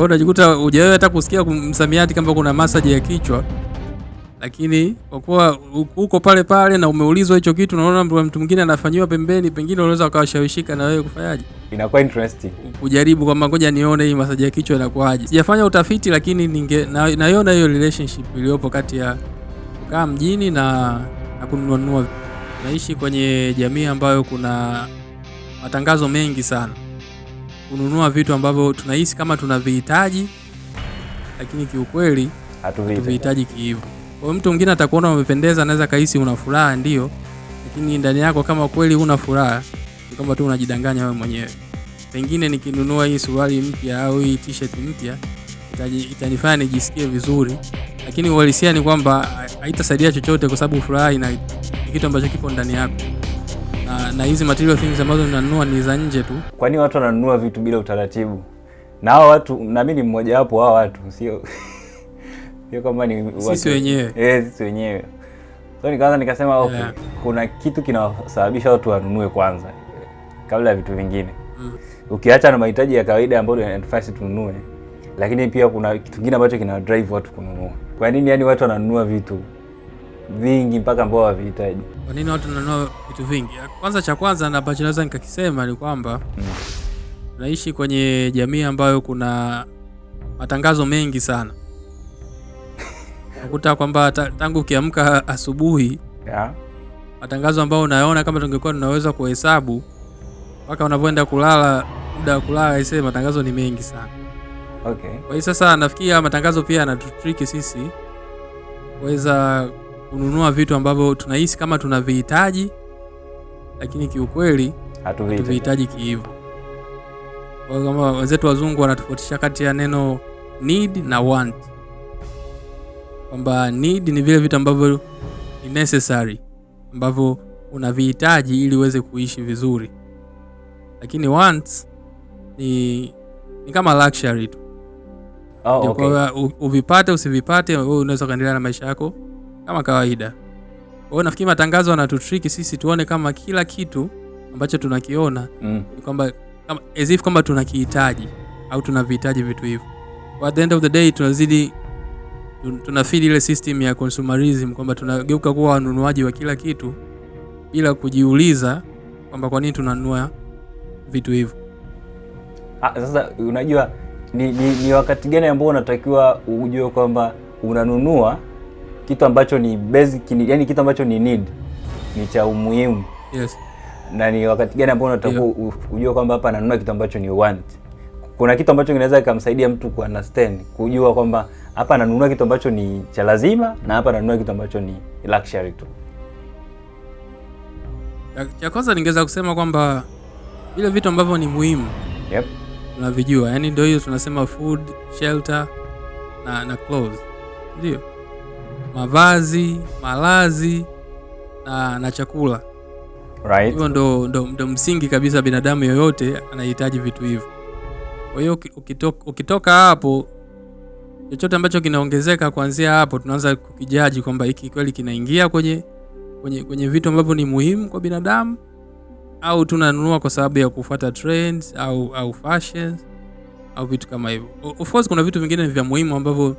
hiyo unajikuta hujawahi hata kusikia msamiati kama kuna masaji ya kichwa, lakini kwa kuwa uko pale pale na umeulizwa hicho kitu, unaona mtu mwingine anafanyiwa pembeni, pengine unaweza ukawashawishika na wewe kufanyaje, inakuwa interesting kujaribu kwamba ngoja nione hii masaji ya kichwa inakuwaje. Sijafanya utafiti, lakini ninge naiona hiyo relationship iliyopo kati ya kukaa mjini na, na kununua. Naishi kwenye jamii ambayo kuna matangazo mengi sana kununua vitu ambavyo tunahisi kama tunavihitaji, lakini kiukweli hatuvihitaji kihivyo. Kwa hiyo mtu mwingine atakuona umependeza, anaweza kahisi una furaha ndio, lakini ndani yako kama kweli huna furaha, ni kwamba tu unajidanganya wewe mwenyewe. Pengine nikinunua hii suruali mpya au hii t-shirt mpya itanifanya nijisikie vizuri, lakini uhalisia ni kwamba haitasaidia chochote, kwa sababu furaha ina kitu ambacho kipo ndani yako na, na hizi material things ambazo ninanunua ni za nje tu. Kwa nini watu wananunua vitu bila utaratibu? Na hao watu na mimi ni mmoja wapo hao watu, sio sio kama ni sisi wenyewe eh, sisi wenyewe. So nikaanza nikasema okay, yeah. Kuna kitu kinasababisha watu wanunue kwanza kabla ya vitu vingine mm. Ukiacha na mahitaji ya kawaida ambayo yanatufanya tununue, lakini pia kuna kitu kingine ambacho kina drive watu kununua. Kwa nini yani watu wananunua vitu vingi mpaka ambao havihitaji. Kwa nini watu wananunua vitu vingi? Kwanza, cha kwanza na ambacho naweza nikakisema ni kwamba mm. kwenye jamii ambayo kuna matangazo mengi sana nakuta kwamba tangu ukiamka asubuhi yeah. matangazo ambayo unayaona kama tungekuwa tunaweza kuhesabu mpaka unavyoenda kulala, muda wa kulala, ise matangazo ni mengi sana okay. Kwa hiyo sasa nafikiria matangazo pia yanatutriki sisi kuweza kununua vitu ambavyo tunahisi kama tunavihitaji, lakini kiukweli hatuvihitaji kihivyo. Kwa kama wenzetu wazungu wanatofautisha kati ya neno need na want, kwamba need ni vile vitu ambavyo ni necessary, ambavyo unavihitaji ili uweze kuishi vizuri, lakini wants ni, ni kama luxury tu. Oh, okay. Uvipate usivipate, wewe unaweza ukaendelea na maisha yako kama kawaida. Kwa hiyo nafikiri matangazo yanatutriki sisi tuone kama kila kitu ambacho tunakiona mm. ni kwamba kama as if kwamba tunakihitaji au tunavihitaji vitu hivyo. At the end of the day tunazidi tunafidi ile system ya consumerism kwamba tunageuka kuwa wanunuaji wa kila kitu bila kujiuliza kwamba kwa nini tunanunua vitu hivyo. Ah, sasa unajua ni, ni, ni wakati gani ambao unatakiwa ujue kwamba unanunua kitu ambacho ni basic, ni, yani kitu ambacho ni need ni cha umuhimu yes. Na ni wakati gani ambao unataka yeah, ujue kwamba hapa ananunua kitu ambacho ni want. Kuna kitu ambacho kinaweza kikamsaidia mtu ku understand kujua kwamba hapa ananunua kitu ambacho ni cha lazima na hapa ananunua kitu ambacho ni luxury tu. Cha kwanza ningeweza kusema kwamba vile vitu ambavyo ni muhimu yep, tunavijua, yani ndio hiyo tunasema food, shelter na na clothes, ndio mavazi, malazi na, na chakula right. ndo, ndo, ndo msingi kabisa, binadamu yoyote anahitaji vitu hivyo. Kwa hiyo ukitoka, ukitoka hapo chochote ambacho kinaongezeka kuanzia hapo tunaanza kukijaji kwamba hiki kweli kinaingia kwenye, kwenye, kwenye vitu ambavyo ni muhimu kwa binadamu au tunanunua kwa sababu ya kufuata trends au au fashions au vitu kama hivyo. Of course kuna vitu vingine vya muhimu ambavyo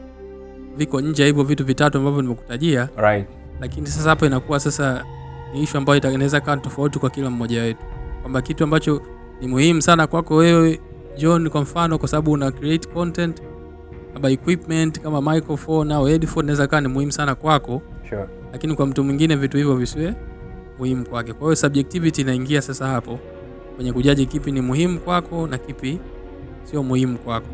viko nje hivyo vitu vitatu ambavyo nimekutajia right. Lakini sasa hapo inakuwa sasa ni ishu ambayo inaweza kawa tofauti kwa kila mmoja wetu, kwamba kitu ambacho ni muhimu sana kwako wewe John, kwa mfano, kwa sababu una create content kama equipment kama microphone au headphone inaweza kawa ni muhimu sana kwako sure. Lakini kwa mtu mwingine vitu hivyo visiwe muhimu kwake. Kwa hiyo subjectivity inaingia sasa hapo kwenye kujaji kipi ni muhimu kwako na kipi sio muhimu kwako.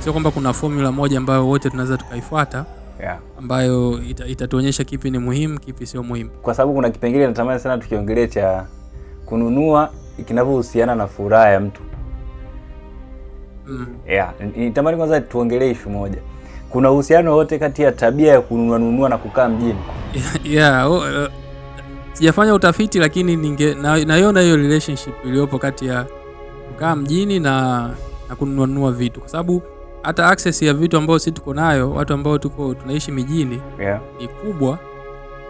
Sio kwamba kuna formula moja ambayo wote tunaweza tukaifuata yeah, ambayo ita, itatuonyesha kipi ni muhimu kipi sio muhimu, kwa sababu kuna kipengele natamani sana tukiongelea cha kununua kinavyohusiana na furaha ya mtu mm. Yeah, nitamani kwanza tuongelee ishu moja. Kuna uhusiano wote kati ya tabia ya kununua nunua na kukaa mjini? Yeah, oh, uh, sijafanya utafiti lakini ninge naiona hiyo relationship iliyopo kati ya kukaa mjini na na kununua vitu, kwa sababu hata access ya vitu ambayo sisi tuko nayo, watu ambao tuko tunaishi mijini yeah. ni kubwa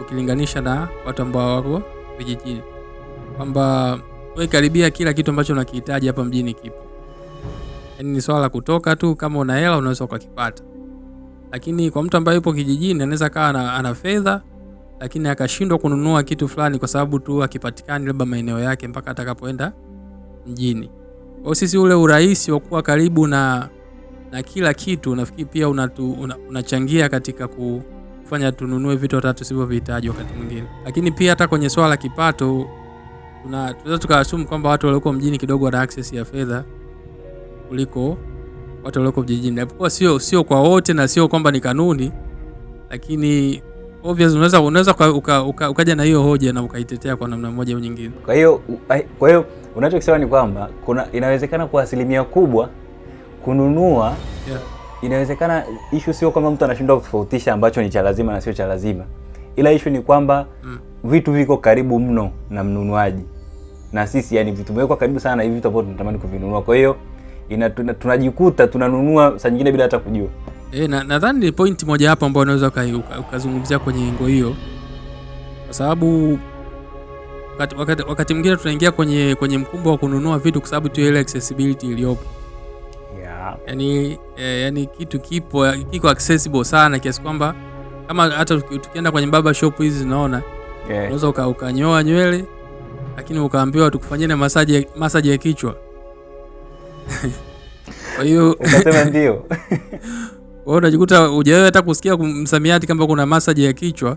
ukilinganisha na watu ambao wako vijijini, kwamba wewe karibia kila kitu ambacho unakihitaji hapa mjini kipo, yani ni swala kutoka tu, kama una hela unaweza ukakipata. Lakini kwa mtu ambaye yupo kijijini anaweza kawa ana fedha lakini akashindwa kununua kitu fulani kwa sababu tu akipatikani labda maeneo yake mpaka atakapoenda mjini. Kwa sisi ule urahisi wa kuwa karibu na, na kila kitu nafikiri pia unatu, una, unachangia katika kufanya tununue vitu hata tusivyovihitaji wakati mwingine, lakini pia hata kwenye swala la kipato tunaweza tukaasumu kwamba watu walioko mjini kidogo wana access ya fedha kuliko watu walioko vijijini, japokuwa sio sio kwa wote na sio kwamba ni kanuni, lakini obviously unaweza unaweza ukaja uka, uka, uka na hiyo hoja na ukaitetea kwa namna moja au nyingine. Kwa hiyo kwa hiyo Unachokisema ni kwamba kuna inawezekana kwa asilimia kubwa kununua yeah. Inawezekana ishu sio kwamba mtu anashindwa kutofautisha ambacho ni cha lazima na sio cha lazima, ila ishu ni kwamba mm. vitu viko karibu mno na mnunuaji na sisi, yani vitu vimewekwa karibu sana na hivi vitu ambavyo tunatamani kuvinunua, kwa hiyo tunajikuta tunanunua saa nyingine bila hata kujua. E, nadhani na ni pointi moja hapo ambayo unaweza ukazungumzia kwenye engo hiyo kwa sababu wakati, wakati, wakati mwingine tunaingia kwenye kwenye mkumbo wa kununua vitu kwa sababu tu ile accessibility iliyopo yeah. Yani, eh, yani kitu kipo kiko accessible sana kiasi kwamba kama hata tukienda kwenye baba shop hizi zinaona yeah. Unaweza uka, ukanyoa nywele lakini ukaambiwa tukufanyie na masaji masaji ya kichwa kwa hiyo ndio. unajikuta hujawahi hata kusikia msamiati kama kuna masaji ya kichwa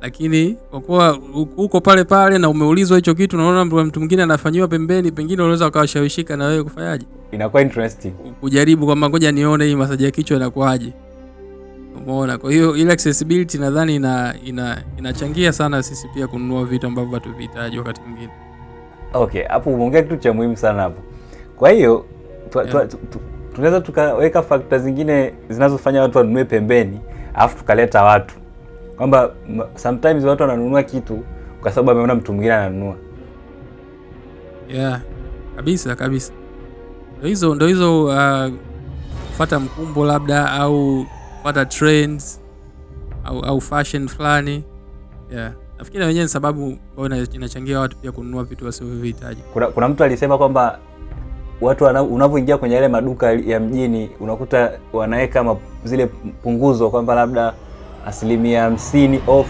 lakini kwa kuwa uko pale pale na umeulizwa hicho kitu, naona mtu mwingine anafanyiwa pembeni, pengine unaweza ukawashawishika na wewe kufanyaje, inakuwa interesting kujaribu kwamba ngoja nione hii masaji ya kichwa inakuaje. Umeona? Kwa hiyo ile accessibility nadhani ina, ina inachangia sana sisi pia kununua vitu ambavyo hatuvihitaji wakati mwingine. Okay, hapo umeongea kitu cha muhimu sana hapo. Kwa hiyo tunaweza tu, tu, tu, tukaweka factors zingine zinazofanya watu wanunue pembeni, alafu tukaleta watu kwamba sometimes watu wananunua kitu kwa sababu ameona mtu mwingine ananunua. Yeah, kabisa kabisa, ndo hizo ndo hizo uh, fata mkumbo labda au fata trends au, au fashion fulani yeah. Nafikiri wenyewe ni sababu ambayo inachangia watu pia kununua vitu wasiovihitaji. Kuna, kuna mtu alisema kwamba watu unavyoingia kwenye yale maduka ya mjini unakuta wanaweka zile punguzo kwamba labda asilimia hamsini off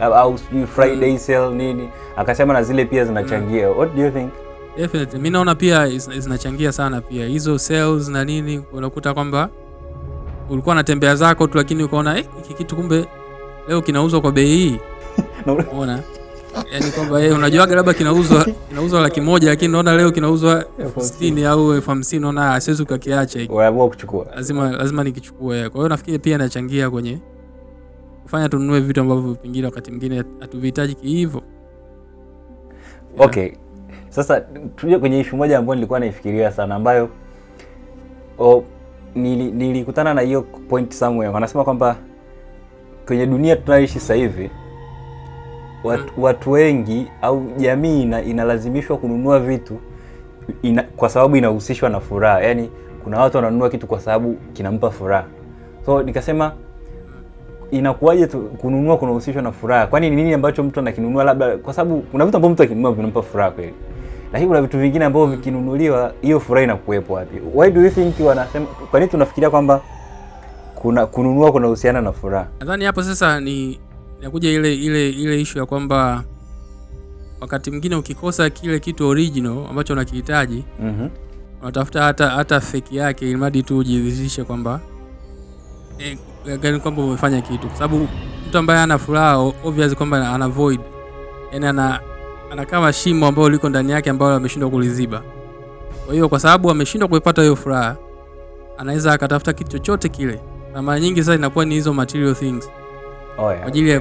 au sijui Friday mm. sale nini, akasema na zile pia zinachangia. Mm. What do you think? Definitely, mi naona pia zinachangia sana pia hizo sales na nini, unakuta kwamba ulikuwa natembea zako tu, lakini ukaona eh, hiki kitu kumbe leo kinauzwa kwa bei hii. Unaona yani kwamba yeye unajuaga labda kinauzwa kinauzwa laki moja lakini naona leo kinauzwa elfu sitini au elfu hamsini naona ah, siwezi kukiacha hiki, unaamua kuchukua, lazima lazima nikichukue. Kwa hiyo nafikiri pia nachangia kwenye kufanya tununue vitu ambavyo pengine wakati mwingine hatuvihitaji kihivyo. Okay, sasa tuje kwenye ishu moja ambayo nilikuwa naifikiria sana ambayo o, nili, nilikutana na hiyo point somewhere, wanasema kwamba kwenye dunia tunayoishi sasa hivi Wat, mm. watu wengi au jamii ina, inalazimishwa kununua vitu ina, kwa sababu inahusishwa na furaha. Yani kuna watu wananunua kitu kwa sababu kinampa furaha, so nikasema inakuwaje kununua kunahusishwa na furaha? Kwani ni nini ambacho mtu anakinunua? Labda kwa sababu kuna vitu ambavyo mtu akinunua vinampa furaha kweli, lakini kuna vitu vingine ambavyo mm. vikinunuliwa hiyo furaha inakuwepo wapi? Why do you think wanasema, kwa nini tunafikiria kwamba kuna kununua kunahusiana na furaha? Nadhani hapo sasa ni inakuja ile ile ile issue ya kwamba wakati mwingine ukikosa kile kitu original ambacho unakihitaji mm-hmm. unatafuta hata hata fake yake, ili tu ujiridhishe kwamba eh, kwamba umefanya kitu, kwa sababu mtu ambaye ana furaha obvious kwamba ana void, yani ana ana kama shimo ambalo liko ndani yake ambalo ameshindwa kuliziba. Kwa hiyo kwa sababu ameshindwa kuipata hiyo furaha, anaweza akatafuta kitu chochote kile, na mara nyingi sasa inakuwa ni hizo material things oh, yeah. kwa ajili ya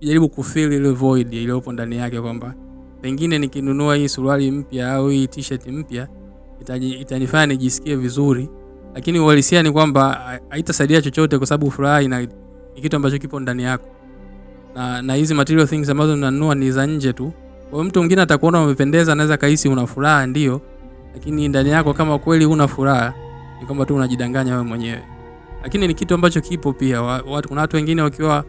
kujaribu kufili ile void iliyopo ndani yake kwamba pengine nikinunua hii suruali mpya au hii t-shirt mpya itanifanya nijisikie vizuri, lakini uhalisia ni kwamba haitasaidia chochote, kwa sababu furaha ni kitu ambacho kipo ndani yako, na na hizi material things ambazo unanunua ni za nje tu. Kwa hiyo mtu mwingine atakuona umependeza, anaweza kahisi una furaha, ndio, lakini ndani yako kama kweli una furaha, ni kwamba tu unajidanganya wewe mwenyewe lakini ni kitu ambacho kipo pia wa, wa, kuna watu wengine wakiwa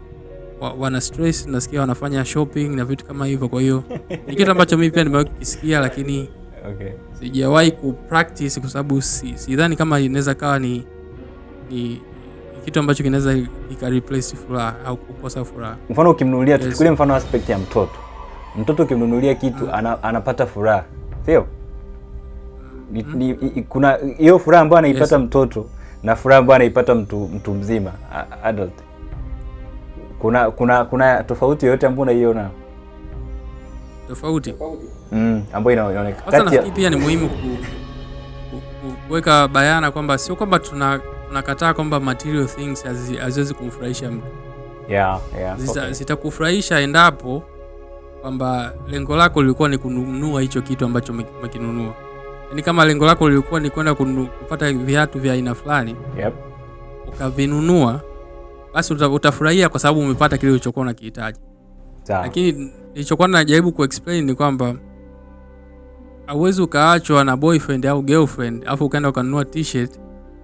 wa, wana stress nasikia wanafanya shopping na vitu kama hivyo. Kwa hiyo ni kitu ambacho mimi pia nimewahi kukisikia, lakini okay, sijawahi ku practice kwa sababu sidhani si kama inaweza kawa ni, ni kitu ambacho kinaweza ika replace furaha au kukosa furaha. Mfano ukimnunulia, tuchukulie mfano aspect ya mtoto. Mtoto ukimnunulia kitu mm, ana, anapata furaha sio? Mm, kuna hiyo furaha ambayo anaipata yes, mtoto na furaha ambayo anaipata mtu, mtu mzima adult. Kuna kuna kuna tofauti yoyote ambayo unaiona? Tofauti mm, ambayo inaonekana pia ni muhimu kuweka bayana kwamba sio kwamba tuna tunakataa kwamba material things haziwezi kumfurahisha mtu yeah, yeah, okay. Zitakufurahisha endapo kwamba lengo lako lilikuwa ni kununua hicho kitu ambacho umekinunua yani kama lengo lako lilikuwa ni kwenda kupata viatu vya aina fulani yep. ukavinunua basi utafurahia kwa sababu umepata kile ulichokuwa unakihitaji, lakini nilichokuwa najaribu kuexplain ni kwamba hauwezi ukaachwa na boyfriend au girlfriend afu ukaenda ukanunua t-shirt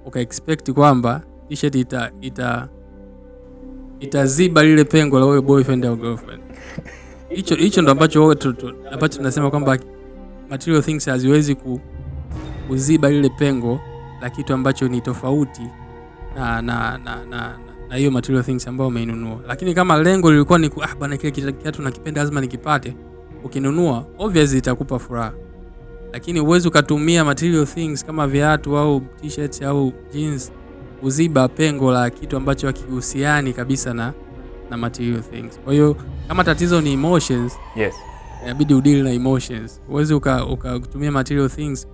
ukaexpect kwamba t-shirt ita, ita itaziba lile pengo la huyo boyfriend au girlfriend. Hicho hicho ndo ambacho ambacho tunasema kwamba material things haziwezi ku kuziba lile pengo la kitu ambacho ni tofauti na na na na na na hiyo material things ambayo umeinunua. Lakini kama lengo lilikuwa ni ah, bana kile kitu nakipenda lazima nikipate, ukinunua obviously itakupa furaha, lakini uwezi ukatumia material things kama viatu au t-shirts au jeans kuziba pengo la kitu ambacho hakihusiani kabisa na na material things. Kwa hiyo kama tatizo ni emotions, yes, inabidi udili na emotions. Uwezi ukatumia uka material things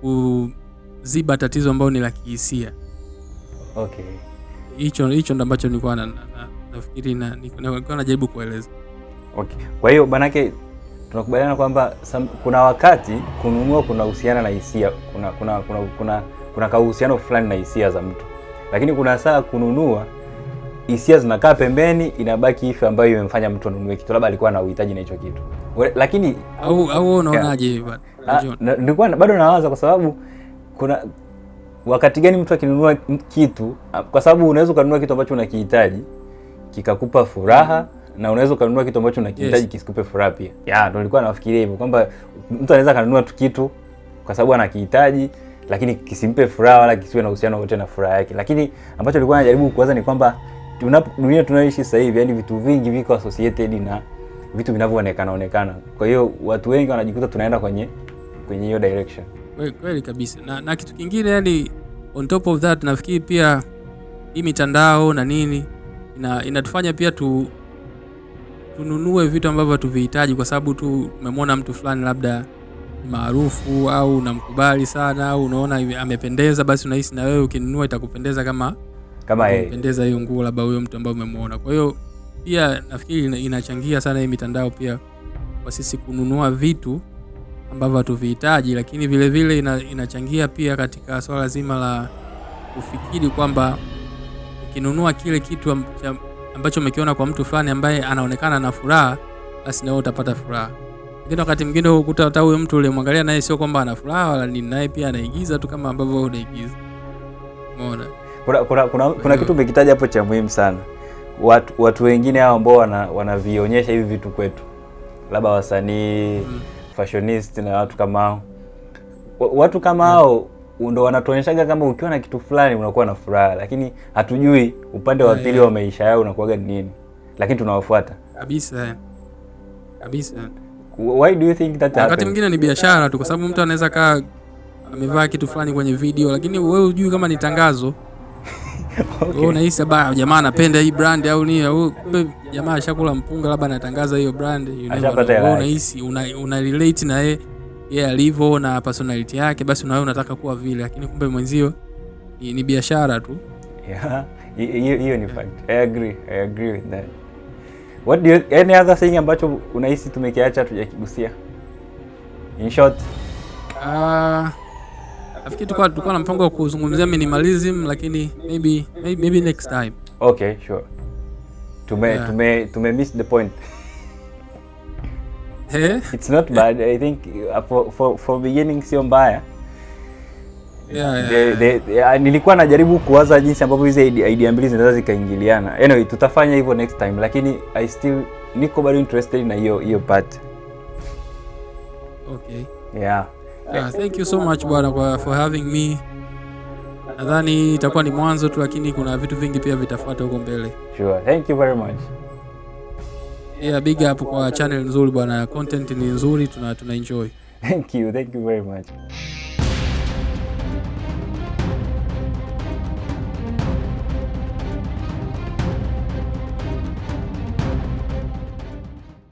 kuziba tatizo ambayo ni la kihisia. Okay, hicho hicho ndo ambacho nilikuwa na, nafikiri na, nilikuwa najaribu kueleza. Okay, kwa hiyo banake tunakubaliana kwamba kuna wakati kununua kunahusiana na hisia, kuna kuna kuna kuna, kuna kauhusiano fulani na hisia za mtu, lakini kuna saa kununua hisia zinakaa pembeni, inabaki ife ambayo imemfanya mtu anunue kitu, labda alikuwa na uhitaji na hicho kitu. Lakini au au unaonaje? Ah, nilikuwa bado nawaza, kwa sababu kuna wakati gani mtu akinunua kitu, ah, kwa sababu unaweza ukanunua kitu ambacho unakihitaji kikakupa furaha mm. -hmm. na unaweza ukanunua kitu ambacho unakihitaji yes. kisikupe furaha pia. Ya ndo nilikuwa nafikiria hivyo kwamba mtu anaweza kanunua tu kitu kwa sababu anakihitaji lakini kisimpe furaha wala kisiwe na uhusiano wote na furaha yake, lakini ambacho nilikuwa najaribu kuwaza ni kwamba dunia tunayoishi sasa hivi, yani vitu vingi viko associated na vitu vinavyoonekana onekana. Kwa hiyo watu wengi wanajikuta tunaenda kwenye kwenye hiyo direction. Kweli kabisa na, na kitu kingine yani, on top of that nafikiri pia hii mitandao na nini ina, inatufanya pia tu tununue vitu ambavyo hatuvihitaji kwa sababu tu umemwona mtu fulani labda maarufu au unamkubali sana au unaona amependeza, basi unahisi na wewe ukinunua itakupendeza kama kama yeye eh. pendeza hiyo nguo, labda huyo mtu ambaye umemuona. Kwa hiyo pia nafikiri inachangia sana hii mitandao pia kwa sisi kununua vitu ambavyo hatuvihitaji, lakini vile vile ina, inachangia pia katika swala zima la kufikiri kwamba ukinunua kile kitu ambacho umekiona kwa mtu fulani ambaye anaonekana na furaha, basi na utapata furaha. Lakini wakati mwingine ukuta hata huyo mtu ulimwangalia naye sio kwamba ana furaha wala ni naye pia anaigiza tu kama ambavyo unaigiza. Umeona? kuna, kuna, kuna, kuna kitu umekitaja hapo cha muhimu sana. Watu, watu wengine hao ambao wanavionyesha wana hivi vitu kwetu, labda wasanii mm. fashionist na watu kama hao, watu kama hmm. hao mm. ndo wanatuonyeshaga kama ukiwa na kitu fulani unakuwa na furaha, lakini hatujui upande wa eh, pili eh. wa maisha yao unakuwaga ni nini, lakini tunawafuata kabisa eh. kabisa. Why do you think that wakati mwingine ni biashara tu, kwa sababu mtu anaweza kaa amevaa kitu fulani kwenye video, lakini wewe hujui kama ni tangazo Okay. Unahisi baa jamaa anapenda hii brand au ni au jamaa ashakula mpunga, labda anatangaza hiyo brand, you know, unahisi una relate na yeye yeye yeah, alivyo na personality yake, basi na wewe unataka kuwa vile, lakini kumbe mwenzio ni, ni biashara tu. Yeah, hiyo ni fact. I agree, I agree with that. What do you, any other thing ambacho unahisi tumekiacha tujakigusia? In short, uh, Nafikiri tulikuwa tulikuwa na mpango wa kuzungumzia minimalism lakini maybe maybe, maybe next time. Okay, sure. Tume yeah. tume tume miss the point. Eh? It's not bad. I think uh, for for, for beginning sio mbaya. Yeah, yeah, yeah. Ah, nilikuwa najaribu kuwaza jinsi ambavyo hizi idea mbili zinaweza zikaingiliana. Anyway, tutafanya hivyo next time lakini I still niko bado interested na hiyo hiyo part. Okay. Yeah. Yeah, thank you so much bwana kwa for having me. Nadhani itakuwa ni mwanzo tu, lakini kuna vitu vingi pia vitafuata huko mbele. Sure. Thank you very much. Yeah, big up kwa channel nzuri bwana. Content ni nzuri, tuna tuna enjoy. Thank you. Thank you very much.